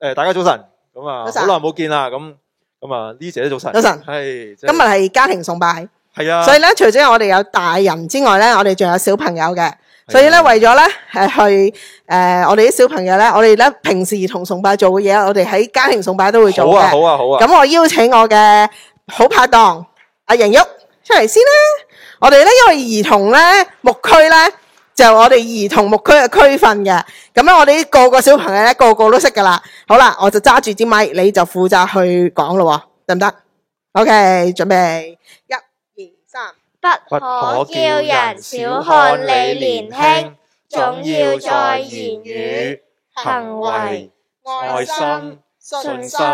誒，大家早晨，咁啊，好耐冇見啦，咁咁啊，呢姐早晨，早晨，係，今日係家庭崇拜，係啊，所以咧，除咗我哋有大人之外咧，我哋仲有小朋友嘅，所以咧，為咗咧，誒，去誒，我哋啲小朋友咧，我哋咧平時兒童崇拜做嘅嘢，我哋喺家庭崇拜都會做嘅，好啊，好啊，好啊，咁我邀請我嘅好拍檔阿邢旭出嚟先啦，我哋咧因為兒童咧，牧區咧。就我哋兒童牧區嘅區分嘅，咁我哋個個小朋友咧，個個都識噶啦。好啦，我就揸住支咪，你就負責去講咯，得唔得？OK，準備，一二三，不可叫人小看你年輕，總要在言語、行為、愛心、信心、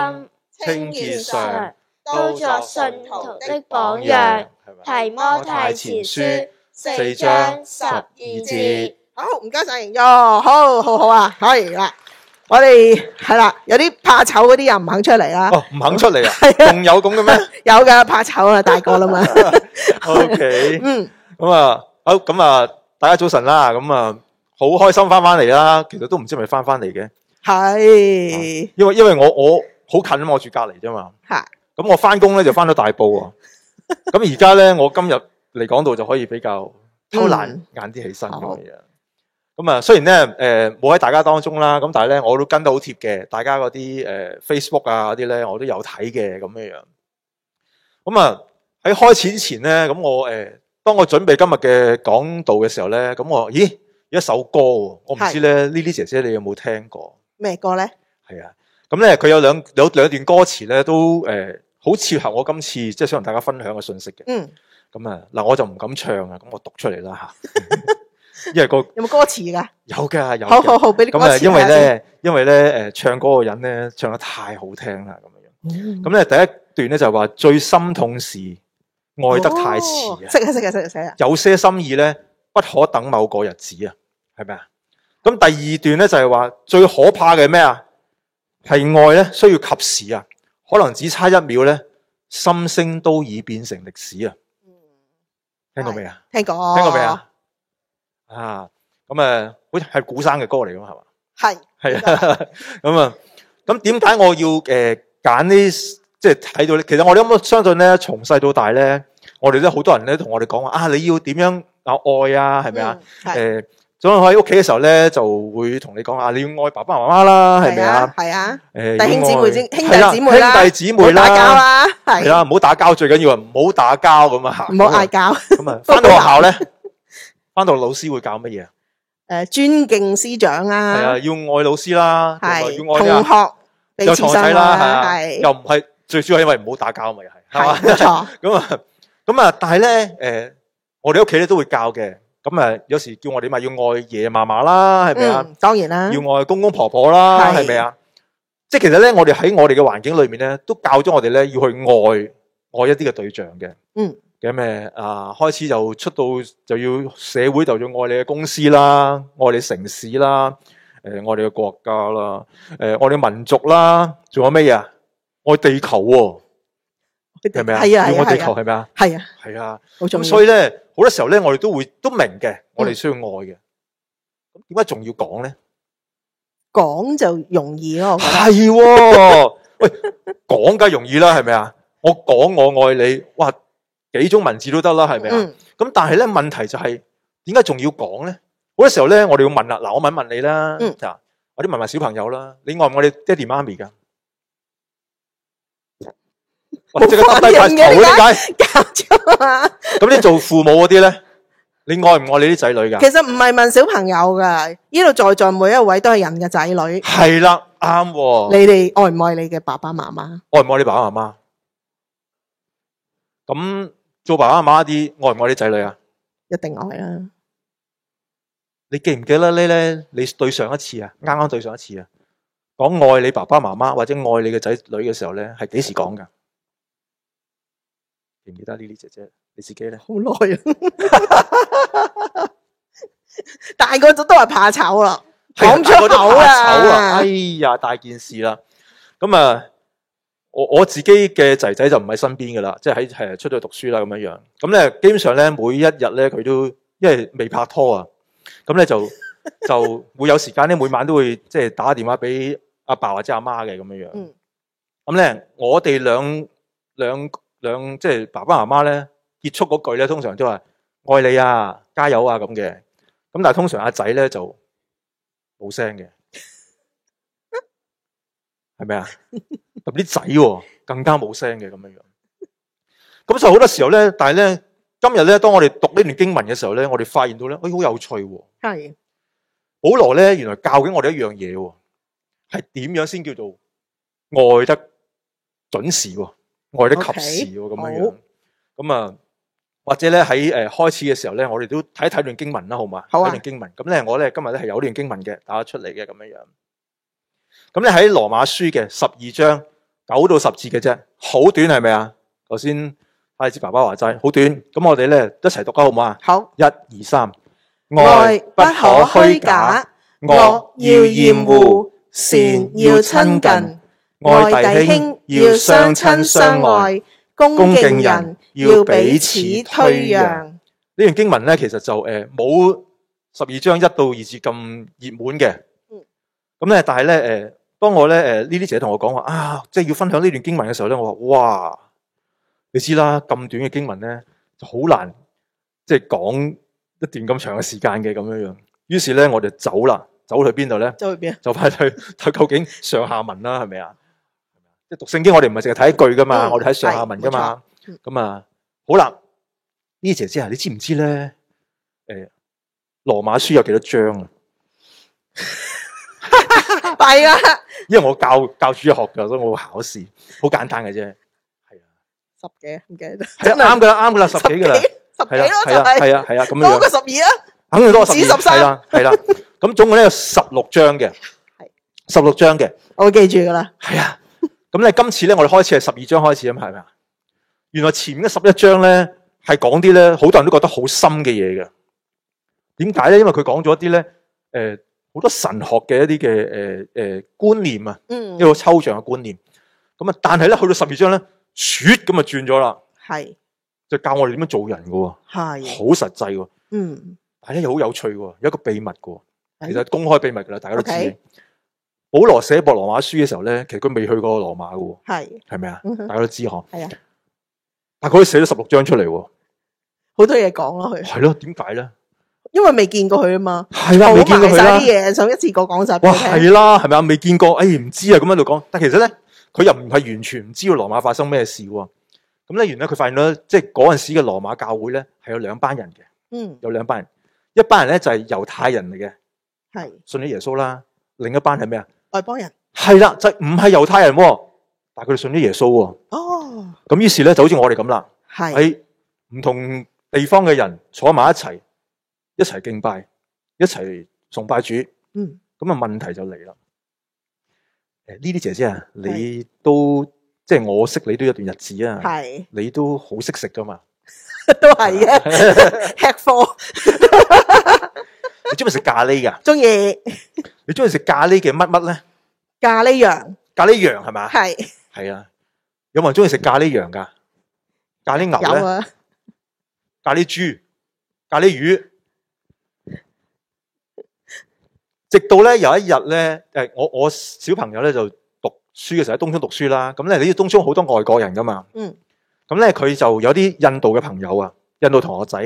清潔上，都作信徒的榜樣。提摩太前書。四章十二節，好唔該晒，然好好好啊，可以啦，我哋係啦，有啲怕醜嗰啲人唔肯出嚟啦，哦，唔肯出嚟啊，仲有咁嘅咩？有噶，怕醜啊，大個啦嘛，OK，嗯，咁啊，好，咁、哦、啊 大 okay, 嗯嗯哦，大家早晨啦，咁啊，好開心翻翻嚟啦，其實都唔知係咪翻翻嚟嘅，係、啊，因為因為我我好近啊嘛，我住隔籬啫嘛，係，咁我翻工咧就翻咗大埔，咁而家咧我今日。嚟講道就可以比較偷懶、嗯、晏啲起身咁樣。咁啊，雖然咧誒冇喺大家當中啦，咁但係咧我都跟得好貼嘅。大家嗰啲誒 Facebook 啊嗰啲咧，我都有睇嘅咁樣。咁啊喺開始前咧，咁我誒、呃、當我準備今日嘅講道嘅時候咧，咁我咦有一首歌我唔知咧 Lily 姐姐你有冇聽過咩歌咧？係啊，咁咧佢有兩有兩段歌詞咧，都誒、呃、好切合我今次即係、就是、想同大家分享嘅信息嘅。嗯。咁啊嗱，我就唔敢唱啦。咁我讀出嚟啦吓，因為個有冇歌詞噶？有噶，有好好好，俾你歌詞。咁啊，因為咧，因為咧，誒，唱歌個人咧唱得太好聽啦，咁、嗯、樣。咁咧，第一段咧就係話最心痛是愛得太遲啊，識、哦、啊，識啊，識啊。有些心意咧，不可等某個日子啊，係咪啊？咁第二段咧就係、是、話最可怕嘅咩啊？係愛咧需要及時啊，可能只差一秒咧，心聲都已變成歷史啊。聽過未啊？聽過，聽過未啊？啊，咁誒，好似係古生嘅歌嚟噶嘛係嘛？係，係啊。咁 啊，咁點解我要誒揀啲即係睇到呢？其實我哋有冇相信呢？從細到大咧，我哋都好多人咧同我哋講話啊，你要點樣啊愛啊？係咪啊？誒。呃所以喺屋企嘅時候咧，就會同你講啊，你要愛爸爸媽媽啦，係咪啊？係啊。誒，弟兄姊妹先、啊，兄弟姊妹啦，唔好打交啦。係啊，唔好、啊啊、打交、啊啊啊，最緊要啊，唔好打交咁啊唔好嗌交。咁啊，翻到學校咧，翻到,到老師會教乜嘢啊？誒， 尊敬師長啊。係啊，要愛老師啦。係、啊。同學彼此啦。又仔啦，係啊。又唔係，最主要係因為唔好打交咪又係，係嘛？咁啊，咁啊，但係咧，誒，我哋屋企咧都會教嘅。咁有時叫我哋咪要愛爺爺嫲嫲啦，係咪啊？當然啦，要愛公公婆婆啦，係咪啊？即係其實咧，我哋喺我哋嘅環境裏面咧，都教咗我哋咧要去愛愛一啲嘅對象嘅。嗯，咁咪，啊，開始就出到就要社會就要愛你嘅公司啦，愛你城市啦，誒、呃，愛你嘅國家啦，誒、呃，愛你民族啦，仲有咩嘢？愛地球喎，係咪啊？係啊，要愛地球，係咪啊？係啊，係啊，係啊，係啊係啊，咁所以咧。好多時候咧，我哋都會都明嘅，我哋需要愛嘅。咁點解仲要講咧？講就容易咯，係喎，喂，講梗係容易啦，係咪啊？我講我愛你，哇，幾種文字都得啦，係咪啊？咁但係咧，問題就係點解仲要講咧？好多時候咧，我哋要問啦，嗱，我問問你啦，嗱，我哋問問小朋友啦，你愛唔愛你爹哋媽咪噶？我淨係得低塊頭呢？解？搞錯啊！咁你做父母嗰啲咧，你愛唔愛你啲仔女噶？其實唔係問小朋友噶，呢度在座每一位都係人嘅仔女。係啦，啱。你哋愛唔愛你嘅爸爸媽媽？愛唔愛你爸爸媽媽？咁做爸爸媽媽啲愛唔愛你仔女啊？一定愛啊！你記唔記得咧咧？你對上一次啊，啱啱對上一次啊，講愛你爸爸媽媽或者愛你嘅仔女嘅時候咧，係幾時講噶？記唔記得呢啲姐姐，你自己咧好耐，大個咗都係怕醜啊，講出口啊，醜啊，哎呀，大件事啦。咁啊，我我自己嘅仔仔就唔喺身邊噶啦，即係喺出咗去讀書啦咁樣樣。咁咧，基本上咧，每一日咧佢都因為未拍拖啊，咁咧就就會有時間咧， 每晚都會即係、就是、打電話俾阿爸，爸或者阿媽嘅咁樣樣。咁咧，我哋兩兩。兩兩即係爸爸媽媽咧結束嗰句咧，通常都係愛你啊，加油啊咁嘅。咁但係通常阿仔咧就冇聲嘅，係咪啊？同啲仔更加冇聲嘅咁樣樣。咁所以好多時候咧，但係咧今日咧，當我哋讀呢段經文嘅時候咧，我哋發現到咧，哎，好有趣、哦。係保羅咧，原來教緊我哋一樣嘢喎，係點樣先叫做愛得準時、哦。愛得及時喎，咁、okay? 樣樣，咁、oh. 啊，或者咧喺誒開始嘅時候咧，我哋都睇一睇段經文啦，好嘛？好啊。段經文，咁咧我咧今日咧係有段經文嘅打得出嚟嘅，咁樣樣。咁你喺羅馬書嘅十二章九到十字嘅啫，好短係咪啊？頭先阿志爸爸話齋好短，咁我哋咧一齊讀得好唔好啊？好。一二三，愛不可虛假，惡要厭惡，善要親近，愛弟兄。要相親相，相，相愛，恭敬人，要彼此推讓。呢段經文咧，其實就誒冇十二章一到二節咁熱門嘅。嗯。咁咧，但係咧，誒，當我咧，誒，呢啲姐同我講話啊，即係要分享呢段經文嘅時候咧，我話哇，你知啦，咁短嘅經文咧，就好難即係講一段咁長嘅時間嘅咁樣樣。於是咧，我就走啦，走去邊度咧？走去邊？走翻去睇究竟上下文啦，係咪啊？即係讀聖經我們不是只看、嗯，我哋唔係淨係睇一句噶嘛，我哋睇上下文噶嘛，咁啊、嗯、好啦，呢隻先啊，你知唔知咧？誒，羅馬書有幾多章啊？係啊，因為我教教主學噶，所以我考試好簡單嘅啫。係啊，十幾唔記得，係啱噶啦，啱噶啦，十幾噶啦，十幾啦，係啦，係啊，係啊，咁樣多過十二啊，肯定、啊、多過十二、 啊，係啦、啊，係啦，咁總共咧有十六章嘅，係十六章嘅，我會記住噶啦，係啊。咁咧，今次咧，我哋開始係十二章開始咁，係咪啊？原來前面嘅十一章咧，係講啲咧，好多人都覺得好深嘅嘢嘅。點解咧？因為佢講咗啲咧，呃、好多神學嘅一啲嘅誒誒觀念啊、嗯，一個抽象嘅觀念。咁啊，但係咧，去到十二章咧，雪咁啊轉咗啦。係。就教我哋點樣做人㗎喎。係。好實際喎。嗯。係一又好有趣喎，有一個秘密嘅。其實公開秘密㗎啦，大家都知。Okay 保羅寫博羅馬書嘅時候咧，其實佢未去過羅馬噶係，係咪啊？大家都知嗬。係啊，但係佢寫咗十六章出嚟，好多嘢講咯。佢係咯，點解咧？因為未見過佢啊嘛。係啊，未見過佢啦。啲嘢，想一次過講晒。哇，係啦，係咪啊？未，啊，見過，哎，唔知道啊，咁樣度講。但其實咧，佢又唔係完全唔知道羅馬發生咩事。咁咧，原來佢發現到，即係嗰陣時嘅羅馬教會咧，係有兩班人嘅。嗯。有兩班人，一班人咧就係、是、猶太人嚟嘅，係信咗耶穌啦。另一班係咩啊？外邦人係啦，就唔係猶太人喎，但係佢哋信咗耶穌喎。哦，咁於是咧就好似我哋咁啦，係唔同地方嘅人坐埋一齊，一齊敬拜，一齊崇拜主。嗯，咁啊問題就嚟啦。誒，呢啲姐姐啊，你都是即係我識你都一段日子啊，係你都好識食噶嘛？ 都係是啊的， 吃貨貨。 你中唔中意食咖喱噶？中意。你中意食咖喱嘅乜乜咧？咖喱羊，咖喱羊係咪？係係啊，有冇人中意食咖喱羊噶？咖喱牛咧，啊，咖喱豬，咖喱魚，直到咧有一日咧，誒，我我小朋友咧就讀書嘅時候喺東涌讀書啦，咁咧你啲東涌好多外國人噶嘛，嗯，咁咧佢就有啲印度嘅朋友啊，印度同學仔，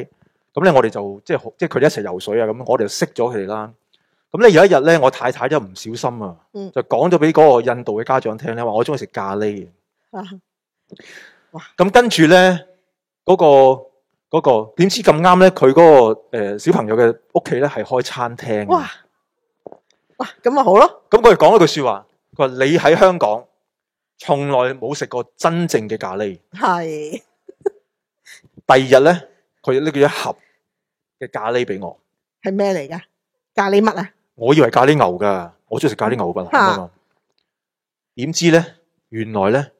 咁咧我哋就即係即係佢哋一齊游水啊，咁我哋就識咗佢哋啦。咁咧有一日咧，我太太都唔小心啊、嗯，就講咗俾嗰個印度嘅家長聽咧，話我中意食咖喱。啊、哇！咁跟住咧，嗰、那個嗰、那個點知咁啱咧？佢嗰、那個誒、呃、小朋友嘅屋企咧係開餐廳。哇！哇！咁、啊、咪好咯。咁佢講一句說話，佢話你喺香港從來冇食過真正嘅咖喱。係。 第二日咧，佢拎咗一盒嘅咖喱俾我。係咩嚟噶？咖喱乜啊？我以為是咖喱牛噶，我中意食咖喱牛骨嚟噶嘛。點、啊、知咧，原來咧，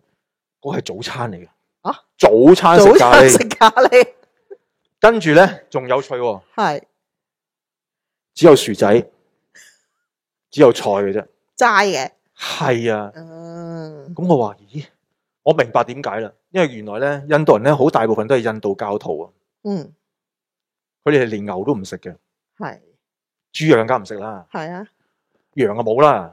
嗰係早餐嚟嘅。啊，早餐食咖喱，食咖喱。 跟住咧，仲有趣。係，只有薯仔，只有菜嘅啫。齋嘅。係啊。哦、嗯。咁我話，咦，我明白點解啦。因為原來咧，印度人咧，好大部分都係印度教徒啊。嗯。佢哋係連牛都唔食嘅。係。豬、羊更加唔食啦，係啊，羊啊冇啦，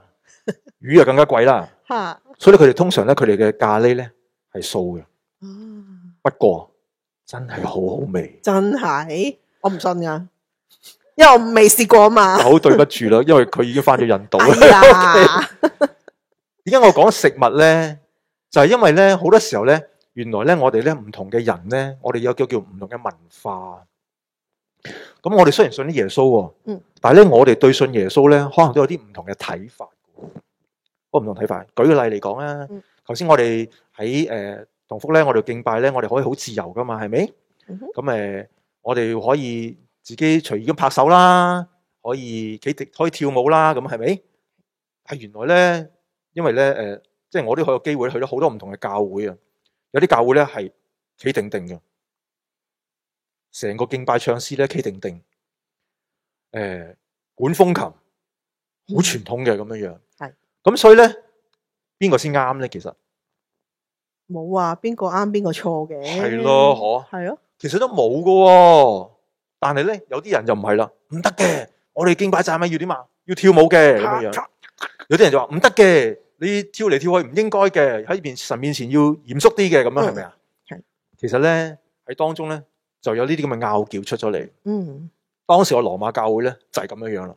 魚啊更加貴啦，吓，所以咧佢哋通常咧佢哋嘅咖喱咧係素嘅，哦，不過真係好好味，真係？我唔信噶，因為我未試過嘛，好對不住啦，因為佢已經翻咗印度啦，點解我講食物咧，就係因為咧好多時候咧，原來咧我哋咧唔同嘅人咧，我哋有叫叫唔同嘅文化。咁我哋雖然信啲耶穌，嗯，但係咧我哋對信耶穌咧，可能都有啲唔同嘅睇法，唔同睇法。舉個例嚟講咧，頭先我哋喺誒同福咧，我哋敬拜咧，我哋可以好自由噶嘛，係咪？咁誒，我哋可以自己隨意咁拍手啦，可以企定，可以跳舞啦，咁係咪？係，原來咧，因為咧，誒，即係我都有機會去咗好多唔同嘅教會啊，有啲教會咧係企定定嘅。成個敬拜唱詩咧企定定，誒、呃，管風琴，好傳統嘅咁樣樣。係。咁所以咧，邊個先啱咧？其實冇話邊個啱邊個錯嘅。係咯、啊，嗬。係咯。其實都冇噶，但係咧，有啲人就唔係啦。唔得嘅，我哋敬拜神咪要點啊？要跳舞嘅咁樣樣。有啲人就話唔得嘅，你跳嚟跳去唔應該嘅，喺邊神面前要嚴肅啲嘅，咁樣係咪啊？係。其實咧喺當中咧。就有呢啲咁嘅拗撬出咗嚟。嗯，當時個羅馬教會咧就係咁樣樣啦。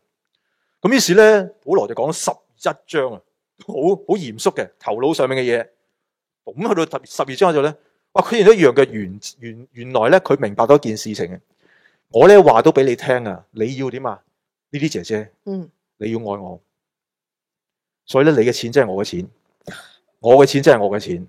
咁於是咧，保羅就講咗十一章啊，好好嚴肅嘅，頭腦上面嘅嘢。咁去到特別十二章嗰度咧，哇！佢見到一樣嘅原原原來咧，佢明白咗一件事情嘅。我咧話都俾你聽啊，你要點啊？呢啲姐姐，嗯，你要愛我，所以咧你嘅錢即係我嘅錢，我嘅錢即係我嘅錢。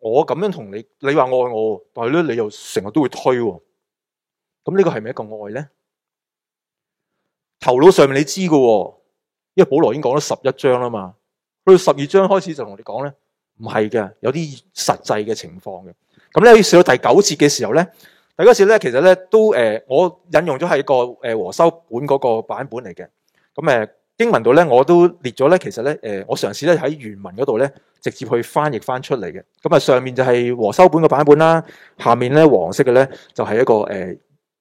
我咁樣同你，你話愛我，但係咧你又成日都會推，咁呢個係咪一個愛咧？頭腦上面你知噶，因為保羅已經講咗十一章啦嘛，去到十二章開始就同你講咧，唔係嘅，有啲實際嘅情況嘅。咁咧去到第九節嘅時候咧，第九節咧其實咧都誒、呃，我引用咗係一個誒和修本嗰個版本嚟嘅，咁誒。呃英文度咧，我都列咗咧。其實咧，我嘗試咧喺原文嗰度咧，直接去翻譯翻出嚟嘅。咁啊，上面就係和修本嘅版本啦，下面咧黃色嘅咧就係一個即係、呃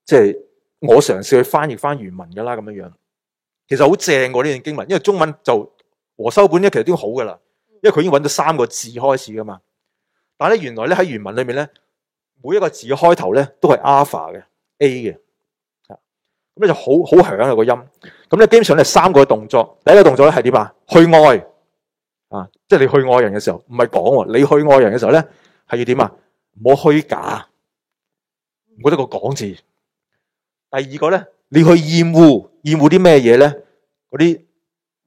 就係、我嘗試去翻譯翻原文㗎啦，咁樣樣。其實好正喎呢段經文，因為中文就和修本咧，其實都好噶啦，因為佢已經揾到三個字開始噶嘛。但咧原來咧喺原文裏面咧，每一個字開頭咧都係 alpha 嘅 A 嘅，咁咧就好好響啊個音。咁你基本上係三個動作。第一個動作咧係點啊？去愛啊！即係你去愛人嘅時候，唔係講喎。你去愛人嘅時候咧，係要點啊？唔好虛假，唔好得個講字。第二個咧，你去厭惡厭惡啲咩嘢咧？嗰啲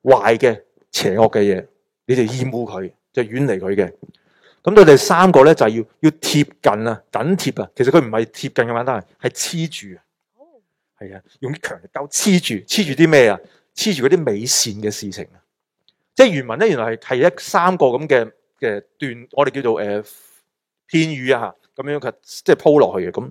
壞嘅邪惡嘅嘢，你就厭惡佢，就遠離佢嘅。咁佢第三個咧就係要要貼近啊，緊貼啊。其實佢唔係貼近咁簡單，但係黐住啊。係啊，用啲強力膠黐住，黐住啲咩啊？黐住嗰啲美善嘅事情啊！即係原文咧，原來係係一三個咁嘅嘅段，我哋叫做誒、呃、片語啊，咁樣嘅即係鋪落去嘅。咁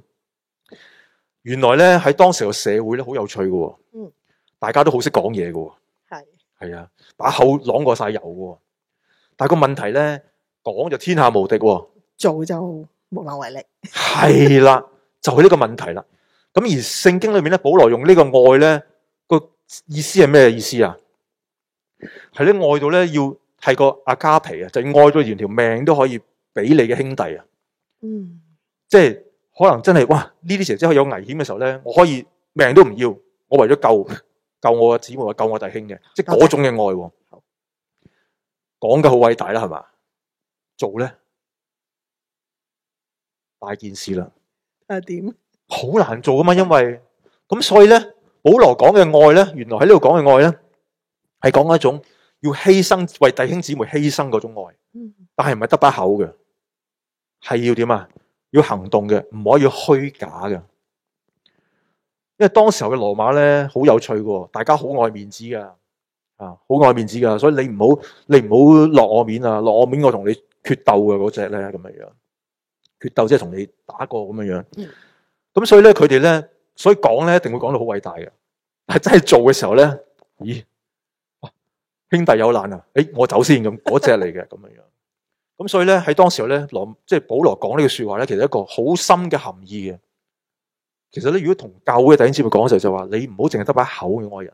原來咧喺當時個社會咧，好有趣噶、哦，嗯，大家都好識講嘢噶，係係啊，把口朗過晒油噶、哦，但係個問題咧，講就天下無敵、哦，做就無能為力，係啦，就係、是、呢個問題啦。咁而聖經裏面咧，保羅用呢個愛咧個意思係咩意思啊？係咧愛到咧要係個阿加皮啊，就係、愛到連條命都可以俾你嘅兄弟啊。嗯，即係可能真係哇，呢啲時候即係有危險嘅時候咧，我可以命都唔要，我為咗救 救我嘅姊妹啊，救我弟兄嘅，即係嗰種嘅愛。講嘅好偉大啦，係嘛？做咧大件事啦。啊點？好難做噶嘛，因為咁所以咧，保羅講嘅愛咧，原來喺呢度講嘅愛咧，係講一種要犧牲為弟兄姊妹犧牲嗰種愛，但係唔係得把口嘅，係要點啊？要行動嘅，唔可以虛假嘅。因為當時候嘅羅馬咧，好有趣噶，大家好愛面子噶，啊，好愛面子噶，所以你唔好你唔好落我面啊，落我面我同你決鬥嘅嗰隻咧，咁樣樣，決鬥即係同你打過咁樣樣。咁所以咧，佢哋咧，所以講咧，一定會講到好偉大嘅，係真係做嘅時候咧，咦、啊，兄弟有難啊，誒、欸，我走先咁，嗰隻嚟嘅咁樣樣。咁 所以咧，喺當時咧，羅即係保羅講呢個說話咧，其實一個好深嘅含義嘅。其實咧，如果同教會嘅弟兄姊妹講嘅時候，就話你唔好淨係得把口嘅愛人，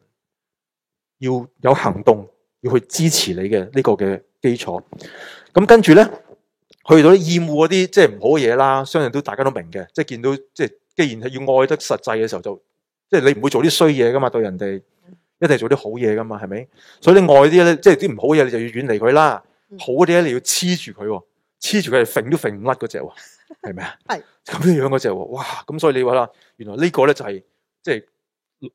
要有行動，要去支持你嘅呢個嘅基礎。咁跟住咧，去到啲厭惡嗰啲即係唔好嘅嘢啦，相信都大家都明嘅，即係見到即係。既然係要愛得實際嘅時候，就即係、就是、你唔會做啲衰嘢噶嘛，對人哋一定做啲好嘢噶嘛，係咪？所以你愛啲咧，即係啲唔好嘢，你就要遠離佢啦。好啲咧，你要黐住佢，黐住佢，揈都揈唔甩嗰隻喎，係咪啊？係咁樣嗰隻喎，哇！咁所以你話啦，原來呢個咧就係即係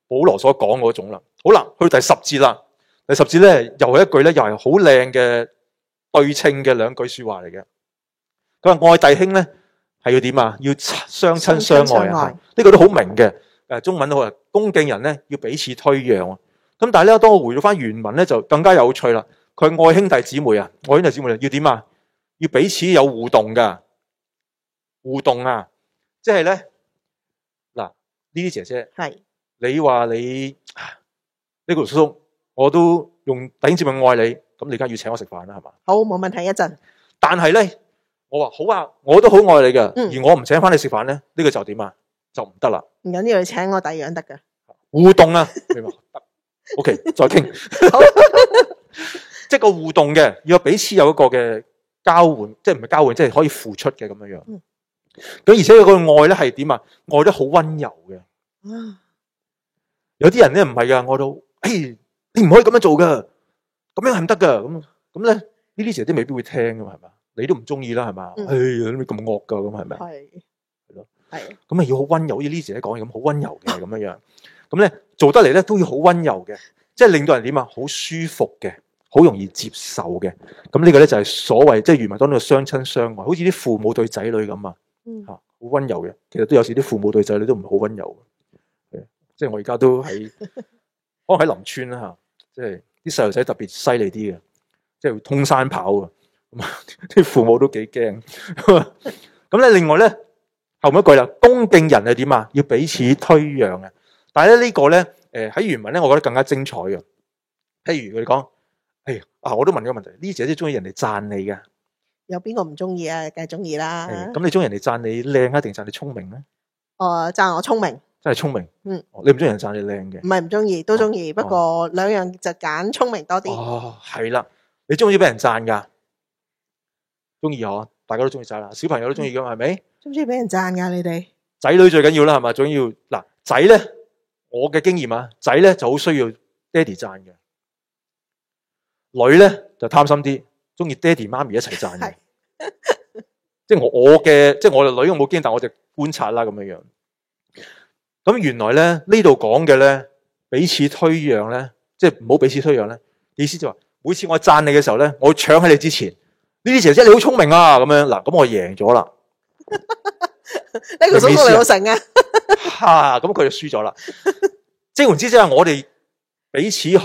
保羅所講嗰種啦。好啦，去第十節啦。第十節咧又係一句咧，又係好靚嘅對稱嘅兩句説話嚟嘅。佢話愛弟兄咧。係要點啊？要相親相愛啊！呢、這個都好明嘅。誒、呃，中文都好啊，恭敬人咧要彼此推讓啊。咁但係咧，當我回咗翻原文咧，就更加有趣啦。佢愛兄弟姊妹啊，愛兄弟姊妹、啊、要點啊？要彼此有互動噶，互動啊！即係咧嗱，呢啲姐姐係你話你呢個叔叔，我都用頂住問愛你，咁你而家要請我食飯啦，係嘛？好，冇問題，一陣。但係咧。我話好啊，我都好愛你嘅、嗯，而我唔請翻你食飯咧、呢、這個就點啊？就唔得啦。唔緊要請我第二樣得㗎！互動啊。明白？得 OK，再傾， 好 即係個互動嘅，要彼此有一個嘅交換，即係唔係交換，即係可以付出嘅咁樣樣。咁、嗯、而且個愛咧係點啊？愛得好溫柔嘅、嗯。有啲人咧唔係噶，愛到哎，你唔可以咁樣做噶，咁樣係唔得噶。咁咁咧，呢啲時候都未必會聽噶嘛，係嘛？你都唔中意啦，係嘛、嗯？哎呀，啲咩咁惡噶？咁係咪？係，係咯，係。咁啊，要好溫柔，好似呢時咧講嘢咁，好溫柔嘅咁樣樣。咁咧 做得嚟咧都要好溫柔嘅，即係令到人點啊？好舒服嘅，好容易接受嘅。咁、嗯、呢、嗯，這個咧就係所謂即係原文當中嘅相親相愛，好似啲父母對仔女咁、嗯、啊，吓好溫柔嘅。其實都有時啲父母對仔女都唔係好溫柔嘅。即係我而家都喺， 可能喺林村啦吓，即係啲細路仔特別犀利啲嘅，即係會通山跑啊。啲 父母都幾驚咁咧。另外咧，後面一句啦，恭敬人係點啊？要彼此推讓啊。但係咧呢個咧，誒喺原文咧，我覺得更加精彩啊。譬如佢哋講，誒、哎、啊，我都問咗個問題，呢節都中意人哋讚你嘅。有邊個唔中意啊？梗係中意啦。咁、哎、你中意人哋讚你靚啊，定讚你聰明咧？哦，讚我聰明，真係聰明。嗯，哦、你唔中意人讚你靚嘅？唔係唔中意，都中意、啊。不過兩樣就揀聰明多啲。哦，係啦，你中唔中意俾人讚噶？中意我，大家都中意晒啦，小朋友都中意噶，係咪？中唔中意俾人讚噶、啊？你哋仔女最緊要，是最重要啦，係咪？仲要嗱，仔咧，我嘅經驗啊，仔咧就好需要爹哋讚嘅，女咧就貪心啲，中意爹哋媽咪一齊讚嘅。即係我嘅 即我嘅，即係我嘅女冇經驗，但我就觀察啦咁樣樣。咁原來咧呢度講嘅咧彼此推讓咧，即係唔好彼此推讓咧。意思就話每次我讚你嘅時候咧，我搶喺你之前。呢啲候真你好聰明啊！咁樣嗱，咁我贏咗啦。呢個數我哋好成啊。吓，咁佢就輸咗啦。支援之即係我哋彼此去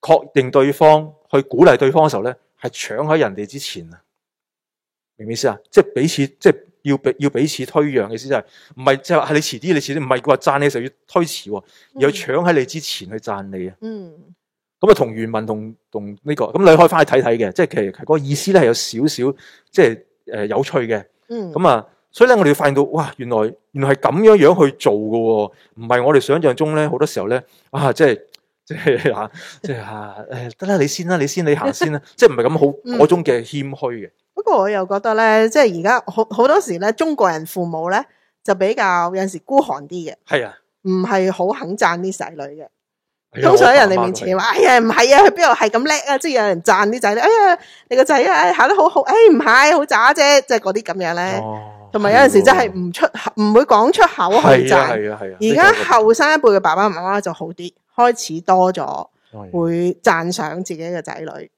確定對方，去鼓勵對方嘅時候咧，係搶喺人哋之前啊。明唔明意思啊？即係彼此，即係要要彼此推讓嘅意思，就是，是就係唔係即係話係你遲啲，你遲啲唔係話讚你時候要推遲，又搶喺你之前去讚你啊。嗯。咁啊，同原文同同呢個咁你可以翻去睇睇嘅，即係其實佢個意思咧係有少少即係誒有趣嘅。嗯，咁啊，所以咧我哋要發現到，哇，原來原來係咁樣樣去做噶，唔係我哋想象中咧好多時候咧啊，即係即係啊，即係啊，誒、 哎，得啦，你先啦，你先你行先啦，即係唔係咁好嗰種嘅謙虛嘅。不過我又覺得咧，即係而家好好多時咧，中國人父母咧就比較有陣時孤寒啲嘅，係啊，唔係好肯讚啲仔女嘅。通常喺人哋面前話、哎，哎呀唔係啊，佢邊度係咁叻啊？即係有人讚啲仔女，哎呀你個仔啊，考、哎、得好好，哎唔係好渣啫，即係嗰啲咁樣咧。同、哦、埋有陣時真係唔出唔會講出口去讚。而家後生一輩嘅爸爸媽媽就好啲，開始多咗會讚賞自己嘅仔女。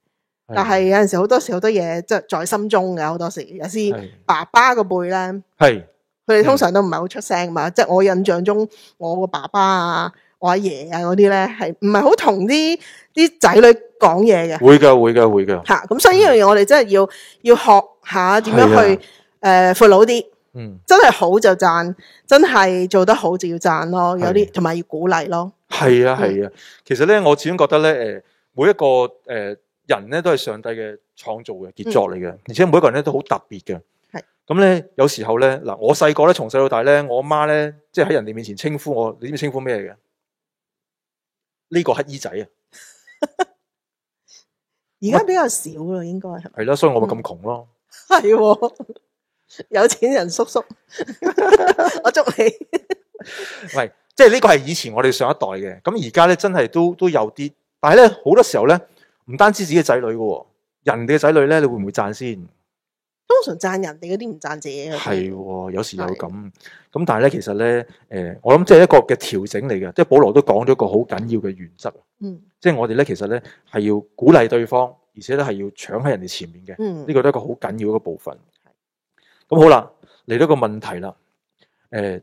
但係有陣時好多時好多嘢，即係在心中嘅，好多時有時爸爸個輩咧，係佢哋通常都唔係好出聲嘛。即係、就是、我印象中我個爸爸啊。我阿爺啊嗰啲咧係唔係好同啲啲仔女講嘢嘅？會嘅會嘅會嘅吓，咁，所以呢樣嘢我哋真係要要學下點樣去誒輔導啲，嗯，真係好就讚，真係做得好就要讚咯，有啲同埋要鼓勵咯。係啊係啊，嗯，其實咧我始終覺得咧誒每一個誒人咧都係上帝嘅創造嘅傑作嚟嘅，嗯，而且每一個人咧都好特別嘅。係咁咧，有時候咧嗱，我細個咧從細到大咧，我阿媽咧即係喺人哋面前稱呼我，你知唔知稱呼咩嚟嘅？呢、這個乞衣仔啊，而 家比較少咯，應該係係咯，所以我咪咁窮咯，係、 哦，有錢人叔叔， 我祝抓你， 喂，即係呢個係以前我哋上一代嘅，咁而家咧真係都都有啲，但係咧好多時候咧，唔單止自己嘅仔女喎，人哋嘅仔女咧，你會唔會讚先？通常讚人哋嗰啲唔讚自己嘅，係喎，有時又咁。咁但係咧，其實咧，誒，我諗即係一個嘅調整嚟嘅，即係保羅都講咗一個好緊要嘅原則。嗯，即係我哋咧，其實咧係要鼓勵對方，而且咧係要搶喺人哋前面嘅。嗯，呢個都係一個好緊要嘅部分。咁好啦，嚟到個問題啦，誒，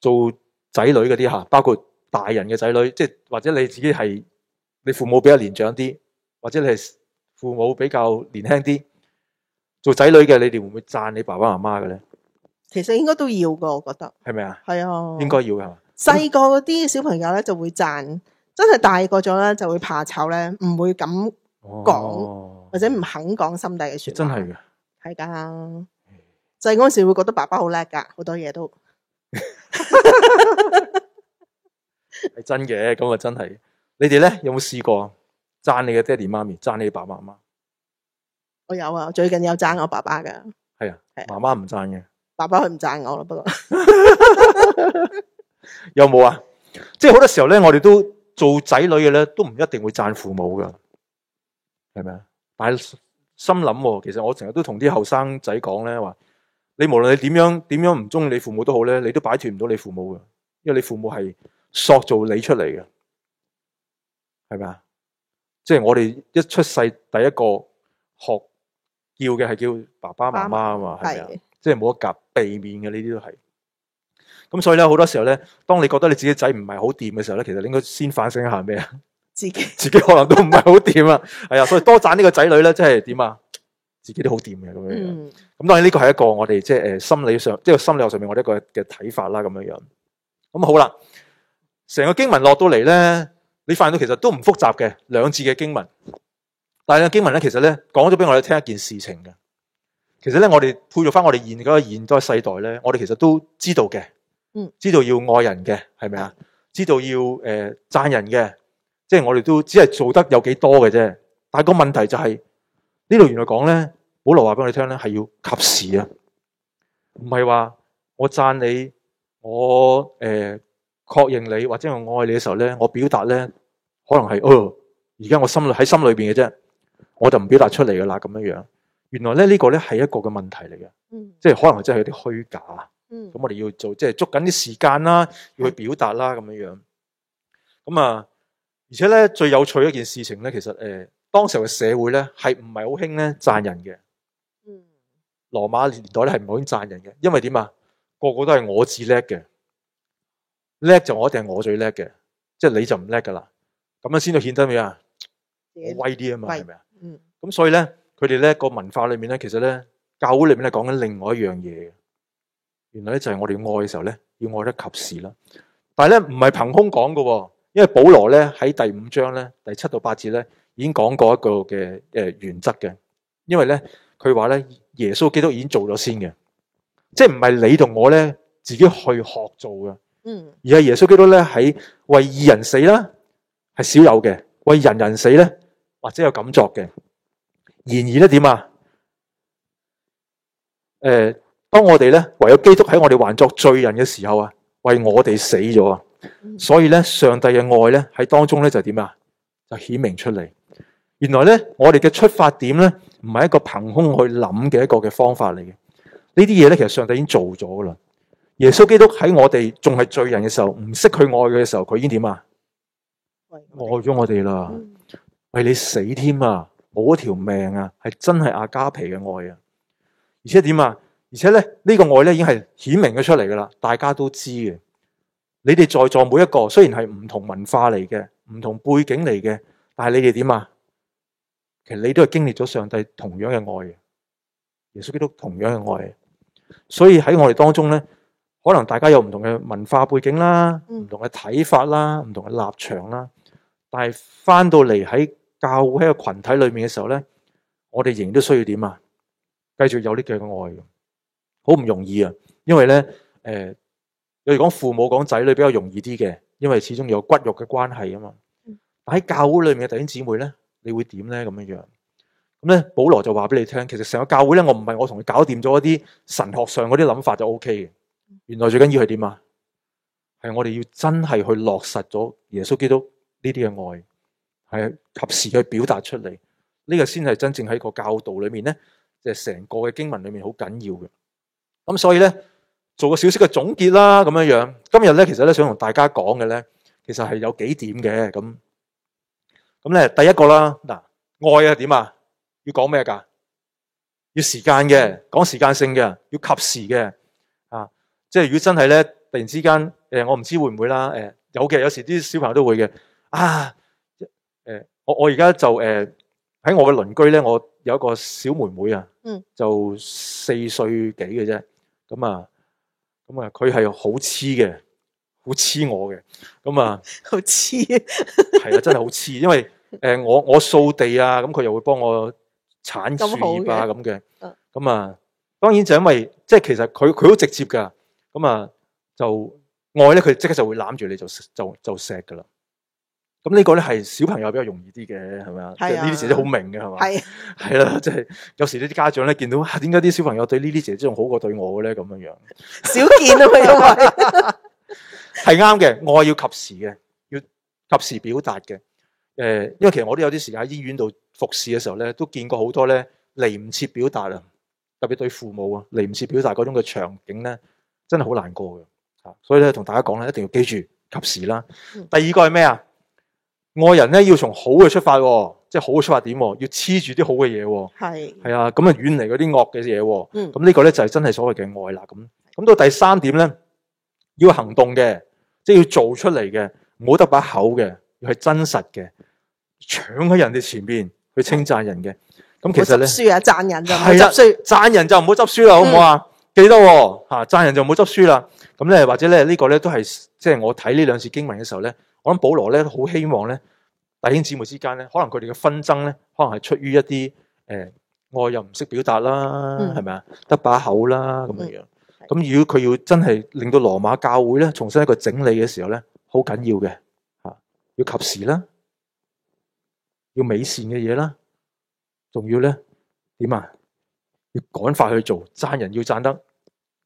做仔女嗰啲吓，包括大人嘅仔女，即係或者你自己係你父母比較年長啲，或者你係。父母比較年輕啲，做仔女嘅你哋會唔會讚你爸爸媽媽嘅咧？其實應該都要噶，我覺得係咪啊？係啊，應該要係嘛？細個嗰啲小朋友咧就會讚，真係大個咗咧就會怕醜咧，唔會咁講，哦、或者唔肯講心底嘅說話。真係嘅，係噶，細嗰陣時會覺得爸爸好叻噶，好多嘢都係 真嘅，咁啊真係，你哋咧有冇試過？讚你嘅爹哋媽咪，讚你爸爸媽媽。我有啊，最近有讚我爸爸噶。係啊，媽媽唔讚嘅。爸爸佢唔讚我咯，不過 有冇啊？即係好多時候咧，我哋都做仔女嘅咧，都唔一定會讚父母噶，係咪啊？但係心諗啊，其實我成日都同啲後生仔講咧，話你無論你點樣點樣唔中意你父母都好咧，你都擺脫唔到你父母噶，因為你父母係塑造你出嚟嘅，係咪啊？即係我哋一出世第一個學叫嘅係叫爸爸媽媽啊嘛，係咪啊？即係冇得夾避免嘅呢啲都係。咁所以咧，好多時候咧，當你覺得你自己仔唔係好掂嘅時候咧，其實你應該先反省一下咩啊？自己自己可能都唔係好掂啊。係 啊，所以多讚呢個仔女咧，即係點啊？自己都好掂嘅咁樣樣。咁、嗯、當然呢個係一個我哋即係誒、呃、心理上，即係心理學上面我哋一個嘅睇法啦咁樣樣。咁好啦，成個經文落到嚟咧。你發現到其實都唔複雜嘅兩字嘅經文，但係個經文咧其實咧講咗俾我哋聽一件事情嘅。其實咧我哋配合翻我哋現家現代世代咧，我哋其實都知道嘅，嗯，知道要愛人嘅，係咪啊？知道要誒讚、呃、人嘅，即係我哋都只係做得有幾多嘅啫。但係個問題就係呢度原來講咧，保羅話俾我哋聽咧，係要及時啊，唔係話我讚你，我誒。呃確認你或者我愛你嘅時候咧，我表達咧可能係，哦、現在在在而家我心喺心裏邊嘅啫，我就唔表達出嚟噶啦咁樣樣。原來咧呢個咧係一個嘅問題嚟嘅、嗯，即係可能真係有啲虛假。咁、嗯、我哋要做即係捉緊啲時間啦，要去表達啦咁樣樣。咁啊，而且咧最有趣嘅一件事情咧，其實誒、呃，當時嘅社會咧係唔係好興咧讚人嘅。羅馬年代、嗯、咧係唔好興讚人嘅，因為點啊，個個都係我自叻嘅。叻就我一定係我最叻嘅，即、就、係、是、你就唔叻噶啦。咁樣先到顯得嘅啊！我威啲啊嘛，係咪啊？咁、嗯、所以咧，佢哋咧個文化裏面咧，其實咧教會裡面咧講緊另外一樣嘢。原來咧就係我哋要愛嘅時候咧，要愛得及時啦。但係咧唔係憑空講噶，因為保羅咧喺第五章咧第七到八節咧已經講過一個嘅誒、呃、原則嘅。因為咧佢話咧耶穌基督已經做咗先嘅，即係唔係你同我咧自己去學做嘅。嗯，而係耶穌基督咧係為義人死啦，係少有嘅；為人人死咧，或者有敢作嘅。然而咧點啊？誒、呃，當我哋咧唯有基督喺我哋還作罪人嘅時候啊，為我哋死咗啊，所以咧上帝嘅愛咧喺當中咧就點啊，就顯明出嚟。原來咧我哋嘅出發點咧唔係一個憑空去諗嘅一個嘅方法嚟嘅，呢啲嘢咧其實上帝已經做咗啦。耶穌基督喺我哋仲係罪人嘅時候，唔識佢愛嘅時候，佢已經點啊？愛咗我哋啦，為你死添啊！冇條命啊，係真係阿加皮嘅愛啊！而且點啊？而且咧呢個愛咧已經係顯明咗出嚟噶啦，大家都知嘅。你哋在座每一個，雖然係唔同文化嚟嘅，唔同背景嚟嘅，但係你哋點啊？其實你都係經歷咗上帝同樣嘅愛嘅，耶穌基督同樣嘅愛。所以喺我哋當中咧。可能大家有唔同嘅文化背景啦，唔同嘅睇法啦，唔同嘅立場啦。但係翻到嚟喺教會一個群體裏面嘅時候咧，我哋仍都需要點啊？繼續有呢嘅愛，好唔容易啊！因為咧，誒、呃，你如講父母講仔女比較容易啲嘅，因為始終有骨肉嘅關係啊嘛。但喺教會裏面嘅弟兄姊妹咧，你會點咧？咁樣樣咁咧，保羅就話俾你聽，其實成個教會咧，我唔係我同佢搞掂咗一啲神學上嗰啲諗法就 O K 嘅。原來最緊要係點啊？係我哋要真係去落實咗耶穌基督呢啲嘅愛，係及時去表達出嚟，呢個先係真正喺個教導裏面咧，即係成個嘅經文裏面好緊要嘅。咁、嗯、所以咧，做個小小嘅總結啦，咁樣樣。今日咧，其實咧想同大家講嘅咧，其實係有幾點嘅。咁咁咧，第一個啦，嗱，愛係點啊？要講咩噶？要時間嘅，講時間性嘅，要及時嘅。即係如果真係咧，突然之間，誒我唔知會唔會啦，誒、呃、有嘅，有時啲小朋友都會嘅。啊，誒、呃、我我而家就誒喺、呃、我嘅鄰居咧，我有一個小妹妹啊，嗯，就四歲幾嘅啫。咁、嗯、啊，咁、嗯、啊，佢係好黐嘅，好黐我嘅。咁、嗯、啊，好 黐很黏，係 啊，真係好黐，因為誒、呃、我我掃地啊，咁佢又會幫我鏟樹葉啊咁嘅。嗯，咁、嗯、啊、嗯，當然就因為即係其實佢佢好直接㗎。咁啊，就愛咧，佢即刻就會攬住你就，就就就錫噶啦。咁呢個咧係小朋友比較容易啲嘅，係咪啊？係呢啲姐姐好明嘅，係嘛？係係啦，即係有時啲家長咧，見到點解啲小朋友對呢啲姐姐仲好過對我咧咁樣樣、啊？少見啊嘛，因為係啱嘅，愛 要及時嘅，要及時表達嘅。誒、呃，因為其實我都有啲時間喺醫院度服侍嘅時候咧，都見過好多咧嚟唔切表達啦，特別對父母啊嚟唔切表達嗰種嘅場景咧。真係好難過嘅，所以咧，同大家講咧，一定要記住及時啦。嗯、第二個係咩啊？愛人咧要從好嘅出發、哦，即係好嘅出發點，要黐住啲好嘅嘢，哦。係係啊，咁啊遠離嗰啲惡嘅嘢。喎、嗯。咁呢個咧就係、是、真係所謂嘅愛啦。咁咁到第三點咧，要行動嘅，即係要做出嚟嘅，唔好得把口嘅，要係真實嘅，搶喺人哋前邊去稱讚人嘅。咁、嗯、其實咧，輸啊讚人就係讚、啊、人就唔好執輸啦，好唔好啊？嗯嗯記得喎、哦，嚇讚人就唔好執輸啦。咁咧，或者咧呢個咧都係即係我睇呢兩次經文嘅時候咧，我諗保羅咧都好希望咧弟兄姊妹之間咧，可能佢哋嘅紛爭咧，可能係出於一啲誒愛又唔識表達啦，係咪啊？得把口啦咁、嗯、樣咁、嗯、如果佢要真係令到羅馬教會咧重新一個整理嘅時候咧，好緊要嘅吓，要及時啦，要美善嘅嘢啦，仲要咧點啊？要趕快去做，讚人要讚得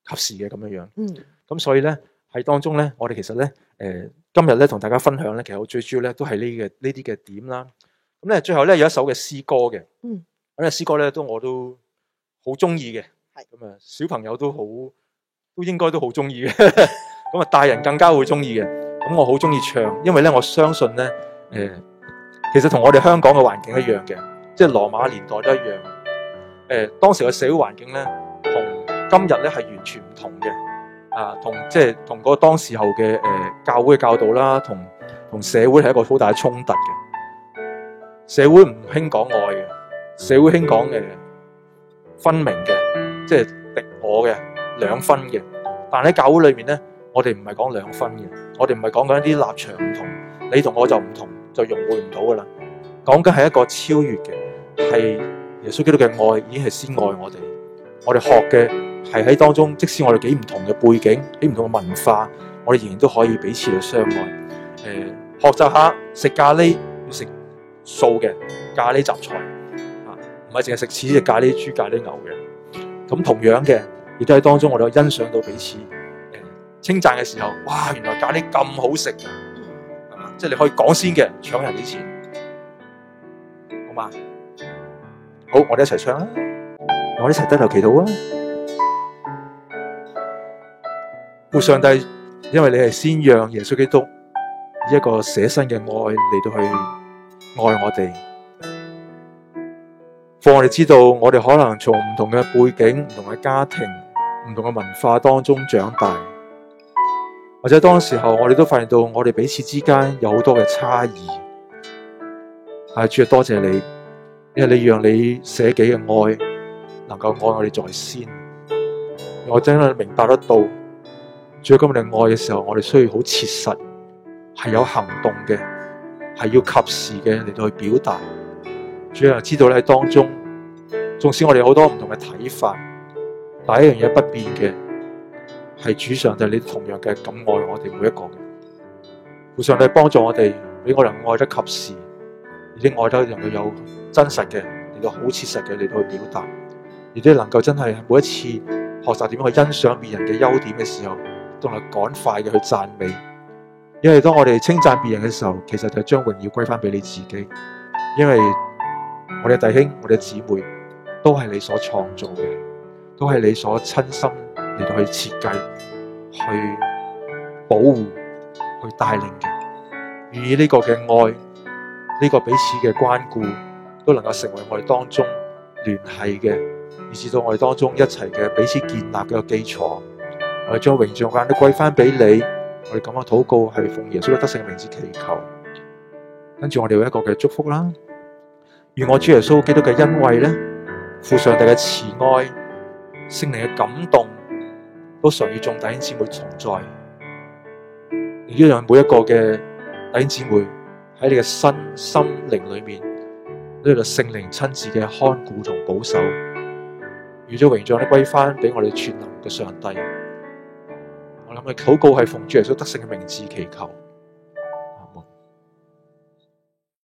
及時嘅咁樣樣。嗯，咁所以咧喺當中咧，我哋其實咧誒、呃、今日咧同大家分享咧，其實我最主要咧都係呢嘅呢啲嘅點啦。咁、嗯、咧最後咧有一首嘅詩歌嘅，嗯，咁啊詩歌咧都我都好中意嘅，係咁啊小朋友都好都應該都好中意嘅，咁 啊大人更加會中意嘅。咁我好中意唱，因為咧我相信咧誒、呃、其實同我哋香港嘅環境一樣嘅，即係羅馬年代都一樣。誒、呃，當時嘅社會環境咧，同今日咧係完全唔同嘅，啊，同即係同嗰個當時候嘅誒教會嘅教導啦，同同社會係一個好大嘅衝突嘅。社會唔興講愛嘅，社會興講嘅，分明嘅，即係敵我嘅兩分嘅。但喺教會裏面咧，我哋唔係講兩分嘅，我哋唔係講緊一啲立場唔同，你同我就唔同就融會唔到噶啦。講緊係一個超越嘅，係。耶穌基督嘅愛已經係先愛我哋，我哋學嘅係喺當中，即使我哋幾唔同嘅背景，幾唔同嘅文化，我哋仍然都可以彼此去相愛。誒，學習下食咖喱要食素嘅咖喱雜菜啊，唔係淨係食似嘅咖喱豬、豬咖喱牛嘅。咁同樣嘅，亦都喺當中我哋欣賞到彼此誒稱讚嘅時候，哇！原來咖喱咁好食啊，即係你可以講先嘅，搶人啲錢，好嘛？好，我哋一齊唱啦！我哋一齊低頭祈禱啊！父上帝，因為你係先讓耶穌基督以一個捨身嘅愛嚟到去愛我哋，讓我哋知道我哋可能從唔同嘅背景、唔同嘅家庭、唔同嘅文化當中長大，或者當時候我哋都發現到我哋彼此之間有好多嘅差異。啊，主啊，多謝你！因為你讓你捨己嘅愛能夠愛我哋在先，我真係明白得到，主今日愛嘅時候，我哋需要好切實，係有行動嘅，係要及時嘅嚟到去表達。主要知道你喺當中，縱使我哋好多唔同嘅睇法，但一樣嘢不變嘅係主上帝，你同樣嘅咁愛我哋每一個嘅。求上帝幫助我哋，俾我哋愛得及時。啲愛都能夠有真實嘅，能夠好切實嘅嚟到去表達，亦都能夠真係每一次學習點樣去欣賞別人嘅優點嘅時候，都係趕快嘅去讚美，因為當我哋稱讚別人嘅時候，其實就係將榮耀歸翻俾你自己，因為我哋嘅弟兄、我哋嘅姊妹都係你所創造嘅，都係你所親身嚟到去設計、去保護、去帶領嘅，願意呢個嘅愛。呢個彼此嘅關顧都能夠成為我哋當中聯繫嘅，以至到我哋當中一齊嘅彼此建立嘅基礎。我哋將榮耀權都歸翻俾你。我哋咁樣禱告，係奉耶穌嘅得勝名字祈求。跟住我哋有一個嘅祝福啦，願我主耶穌基督嘅恩惠咧，父上帝嘅慈愛、聖靈嘅感動，都常與眾弟兄姊妹同在，而讓每一個嘅弟兄姊妹。喺你嘅身心靈裏面，呢個聖靈親自嘅看顧同保守，與咗榮耀呢歸返俾我哋全能嘅上帝。我諗嘅禱告係奉主耶穌得勝嘅名字祈求。